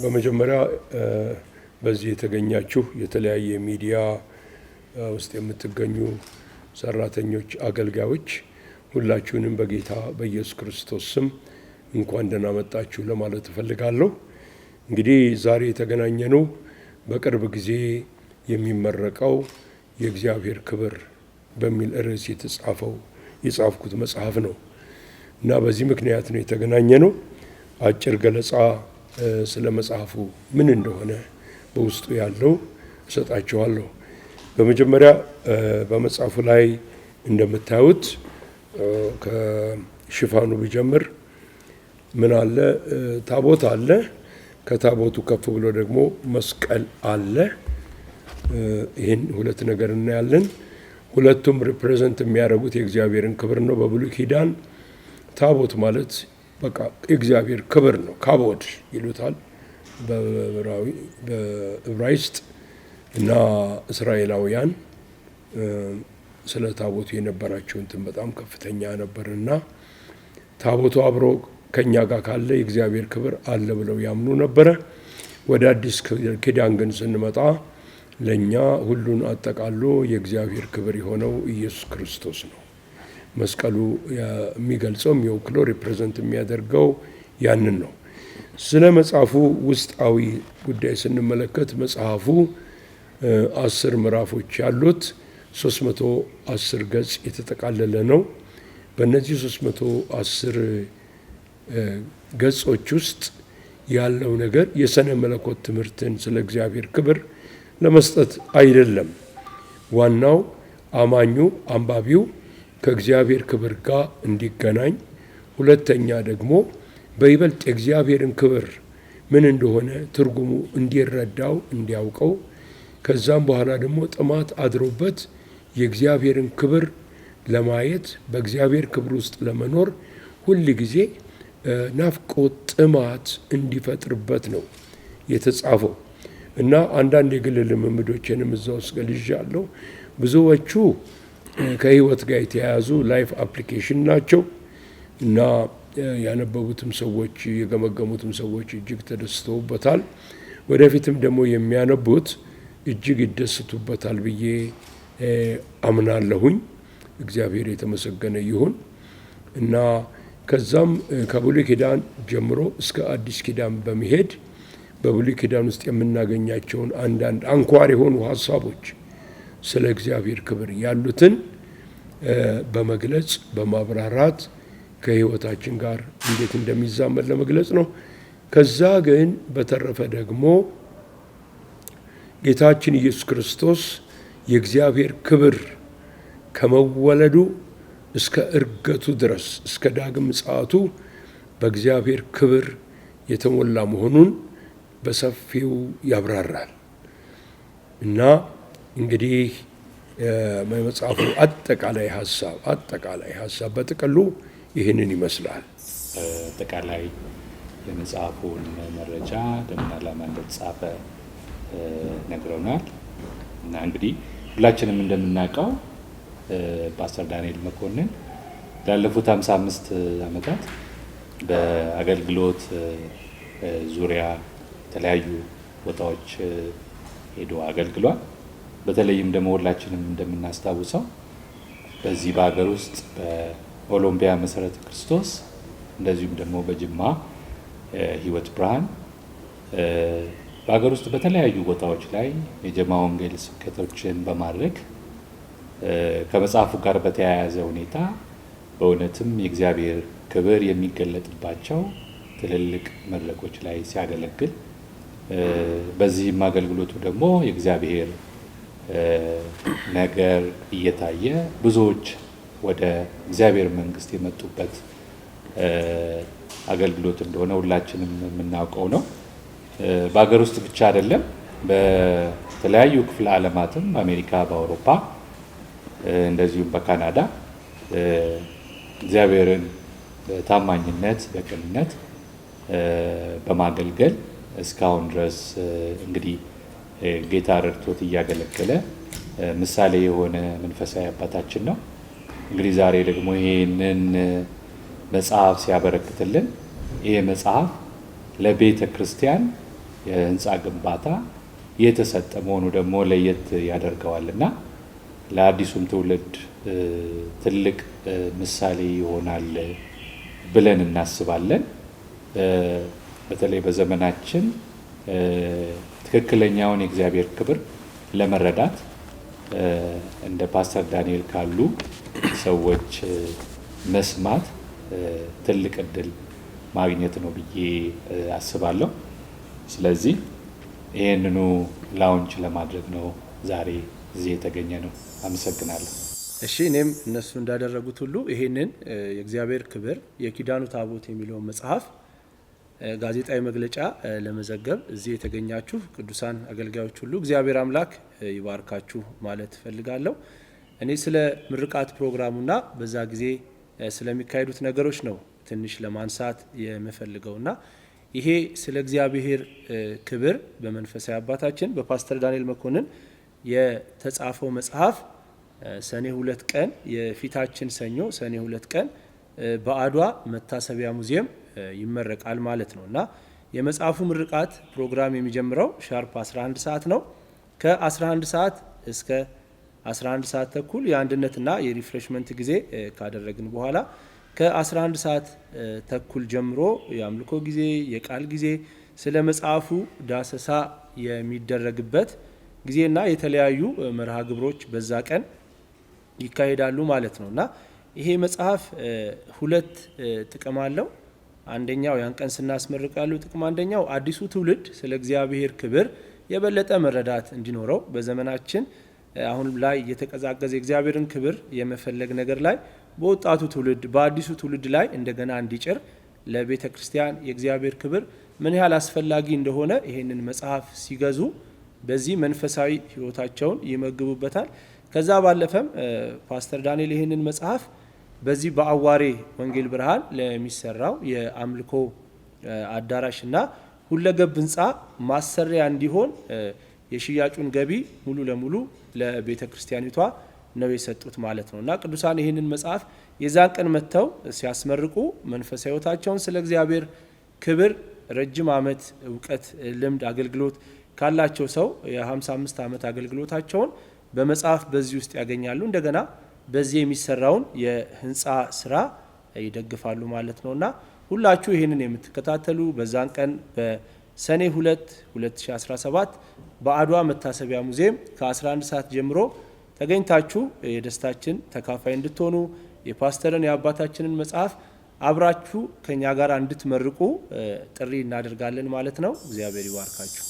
በመጀመሪያ በዚህ የተገኛችሁ የተለያየ ሚዲያ ውስጥ የምትገኙ ሰራተኞች፣ አገልጋዮች ሁላችሁንም በጌታ በኢየሱስ ክርስቶስ ስም እንኳን ደህና መጣችሁ ለማለት እፈልጋለሁ። እንግዲህ ዛሬ የተገናኘነው በቅርብ ጊዜ የሚመረቀው የእግዚአብሔር ክብር በሚል ርዕስ የተጻፈው የጻፍኩት መጽሐፍ ነው እና በዚህ ምክንያት ነው የተገናኘ ነው። አጭር ገለጻ ስለ መጽሐፉ ምን እንደሆነ በውስጡ ያለው እሰጣችኋለሁ። በመጀመሪያ በመጽሐፉ ላይ እንደምታዩት ከሽፋኑ ቢጀምር ምን አለ? ታቦት አለ። ከታቦቱ ከፍ ብሎ ደግሞ መስቀል አለ። ይህን ሁለት ነገር እናያለን። ሁለቱም ሪፕሬዘንት የሚያደርጉት የእግዚአብሔርን ክብር ነው። በብሉይ ኪዳን ታቦት ማለት በቃ የእግዚአብሔር ክብር ነው። ካቦድ ይሉታል በዕብራይስጥ እና እስራኤላውያን ስለ ታቦቱ የነበራቸው እንትን በጣም ከፍተኛ ነበር እና ታቦቱ አብሮ ከእኛ ጋር ካለ የእግዚአብሔር ክብር አለ ብለው ያምኑ ነበረ። ወደ አዲስ ኪዳን ግን ስንመጣ ለእኛ ሁሉን አጠቃሎ የእግዚአብሔር ክብር የሆነው ኢየሱስ ክርስቶስ ነው። መስቀሉ የሚገልጸው የሚወክለው ሪፕሬዘንት የሚያደርገው ያንን ነው። ስለ መጽሐፉ ውስጣዊ ጉዳይ ስንመለከት መጽሐፉ አስር ምዕራፎች ያሉት 310 ገጽ የተጠቃለለ ነው። በእነዚህ 310 ገጾች ውስጥ ያለው ነገር የሰነ መለኮት ትምህርትን ስለ እግዚአብሔር ክብር ለመስጠት አይደለም። ዋናው አማኙ አንባቢው ከእግዚአብሔር ክብር ጋር እንዲገናኝ፣ ሁለተኛ ደግሞ በይበልጥ የእግዚአብሔርን ክብር ምን እንደሆነ ትርጉሙ እንዲረዳው እንዲያውቀው፣ ከዛም በኋላ ደግሞ ጥማት አድሮበት የእግዚአብሔርን ክብር ለማየት በእግዚአብሔር ክብር ውስጥ ለመኖር ሁል ጊዜ ናፍቆት ጥማት እንዲፈጥርበት ነው የተጻፈው እና አንዳንድ የግል ልምምዶችንም እዛ ውስጥ ገልዣለሁ ብዙዎቹ ከህይወት ጋር የተያያዙ ላይፍ አፕሊኬሽን ናቸው እና ያነበቡትም ሰዎች የገመገሙትም ሰዎች እጅግ ተደስተውበታል። ወደፊትም ደግሞ የሚያነቡት እጅግ ይደስቱበታል ብዬ አምናለሁኝ። እግዚአብሔር የተመሰገነ ይሁን እና ከዛም ከብሉይ ኪዳን ጀምሮ እስከ አዲስ ኪዳን በመሄድ በብሉይ ኪዳን ውስጥ የምናገኛቸውን አንዳንድ አንኳር የሆኑ ሀሳቦች ስለ እግዚአብሔር ክብር ያሉትን በመግለጽ በማብራራት ከህይወታችን ጋር እንዴት እንደሚዛመድ ለመግለጽ ነው። ከዛ ግን በተረፈ ደግሞ ጌታችን ኢየሱስ ክርስቶስ የእግዚአብሔር ክብር ከመወለዱ እስከ እርገቱ ድረስ እስከ ዳግም ምጽአቱ በእግዚአብሔር ክብር የተሞላ መሆኑን በሰፊው ያብራራል እና እንግዲህ መጽሐፉ አጠቃላይ ሀሳብ አጠቃላይ ሀሳብ በጥቅሉ ይህንን ይመስላል። አጠቃላይ የመጽሐፉን መረጃ ለምን ዓላማ እንደተጻፈ ነግረውናል እና እንግዲህ ሁላችንም እንደምናውቀው ፓስተር ዳንኤል መኮንን ላለፉት 55 ዓመታት በአገልግሎት ዙሪያ የተለያዩ ቦታዎች ሄዶ አገልግሏል። በተለይም ደግሞ ሁላችንም እንደምናስታውሰው በዚህ በሀገር ውስጥ በኦሎምፒያ መሰረተ ክርስቶስ እንደዚሁም ደግሞ በጅማ ህይወት ብርሃን በሀገር ውስጥ በተለያዩ ቦታዎች ላይ የጀማ ወንጌል ስብከቶችን በማድረግ ከመጽሐፉ ጋር በተያያዘ ሁኔታ በእውነትም የእግዚአብሔር ክብር የሚገለጥባቸው ትልልቅ መድረኮች ላይ ሲያገለግል በዚህም አገልግሎቱ ደግሞ የእግዚአብሔር ነገር እየታየ ብዙዎች ወደ እግዚአብሔር መንግስት የመጡበት አገልግሎት እንደሆነ ሁላችንም የምናውቀው ነው። በሀገር ውስጥ ብቻ አይደለም፣ በተለያዩ ክፍለ ዓለማትም በአሜሪካ፣ በአውሮፓ እንደዚሁም በካናዳ እግዚአብሔርን በታማኝነት በቅንነት በማገልገል እስካሁን ድረስ እንግዲህ ጌታ ረድቶት እያገለገለ ምሳሌ የሆነ መንፈሳዊ አባታችን ነው። እንግዲህ ዛሬ ደግሞ ይህንን መጽሐፍ ሲያበረክትልን ይህ መጽሐፍ ለቤተ ክርስቲያን የህንፃ ግንባታ የተሰጠ መሆኑ ደግሞ ለየት ያደርገዋል እና ለአዲሱም ትውልድ ትልቅ ምሳሌ ይሆናል ብለን እናስባለን። በተለይ በዘመናችን ትክክለኛውን የእግዚአብሔር ክብር ለመረዳት እንደ ፓስተር ዳንኤል ካሉ ሰዎች መስማት ትልቅ እድል ማግኘት ነው ብዬ አስባለሁ። ስለዚህ ይህንኑ ላውንች ለማድረግ ነው ዛሬ እዚህ የተገኘ ነው። አመሰግናለሁ። እሺ እኔም እነሱ እንዳደረጉት ሁሉ ይህንን የእግዚአብሔር ክብር የኪዳኑ ታቦት የሚለውን መጽሐፍ ጋዜጣዊ መግለጫ ለመዘገብ እዚህ የተገኛችሁ ቅዱሳን አገልጋዮች ሁሉ እግዚአብሔር አምላክ ይባርካችሁ ማለት እፈልጋለሁ። እኔ ስለ ምርቃት ፕሮግራሙና በዛ ጊዜ ስለሚካሄዱት ነገሮች ነው ትንሽ ለማንሳት የምፈልገውና ይሄ ስለ እግዚአብሔር ክብር በመንፈሳዊ አባታችን በፓስተር ዳንኤል መኮንን የተጻፈው መጽሐፍ ሰኔ ሁለት ቀን የፊታችን ሰኞ ሰኔ ሁለት ቀን በአድዋ መታሰቢያ ሙዚየም ይመረቃል ማለት ነው እና የመጽሐፉ ምርቃት ፕሮግራም የሚጀምረው ሻርፕ 11 ሰዓት ነው። ከ11 ሰዓት እስከ 11 ሰዓት ተኩል የአንድነትና የሪፍሬሽመንት ጊዜ ካደረግን በኋላ ከ11 ሰዓት ተኩል ጀምሮ የአምልኮ ጊዜ፣ የቃል ጊዜ፣ ስለ መጽሐፉ ዳሰሳ የሚደረግበት ጊዜና የተለያዩ መርሃ ግብሮች በዛ ቀን ይካሄዳሉ ማለት ነው እና ይሄ መጽሐፍ ሁለት ጥቅም አለው። አንደኛው ያን ቀን ስናስመርቅ ያለው ጥቅም አንደኛው አዲሱ ትውልድ ስለ እግዚአብሔር ክብር የበለጠ መረዳት እንዲኖረው በዘመናችን አሁን ላይ የተቀዛቀዘ የእግዚአብሔርን ክብር የመፈለግ ነገር ላይ በወጣቱ ትውልድ በአዲሱ ትውልድ ላይ እንደገና እንዲጭር ለቤተ ክርስቲያን የእግዚአብሔር ክብር ምን ያህል አስፈላጊ እንደሆነ ይህንን መጽሐፍ ሲገዙ በዚህ መንፈሳዊ ሕይወታቸውን ይመግቡበታል። ከዛ ባለፈም ፓስተር ዳንኤል ይህንን መጽሐፍ በዚህ በአዋሬ ወንጌል ብርሃን ለሚሰራው የአምልኮ አዳራሽ እና ሁለገብ ህንፃ ማሰሪያ እንዲሆን የሽያጩን ገቢ ሙሉ ለሙሉ ለቤተ ክርስቲያኒቷ ነው የሰጡት ማለት ነው። እና ቅዱሳን ይህንን መጽሐፍ የዛን ቀን መጥተው ሲያስመርቁ መንፈሳዊ ህይወታቸውን ስለ እግዚአብሔር ክብር ረጅም ዓመት እውቀት፣ ልምድ፣ አገልግሎት ካላቸው ሰው የ55 ዓመት አገልግሎታቸውን በመጽሐፍ በዚህ ውስጥ ያገኛሉ እንደገና በዚህ የሚሰራውን የህንፃ ስራ ይደግፋሉ ማለት ነው እና ሁላችሁ ይህንን የምትከታተሉ በዛን ቀን በሰኔ 2 2017 በአድዋ መታሰቢያ ሙዚየም ከ11 ሰዓት ጀምሮ ተገኝታችሁ የደስታችን ተካፋይ እንድትሆኑ የፓስተርን የአባታችንን መጽሐፍ አብራችሁ ከኛ ጋር እንድትመርቁ ጥሪ እናደርጋለን ማለት ነው። እግዚአብሔር ይባርካችሁ።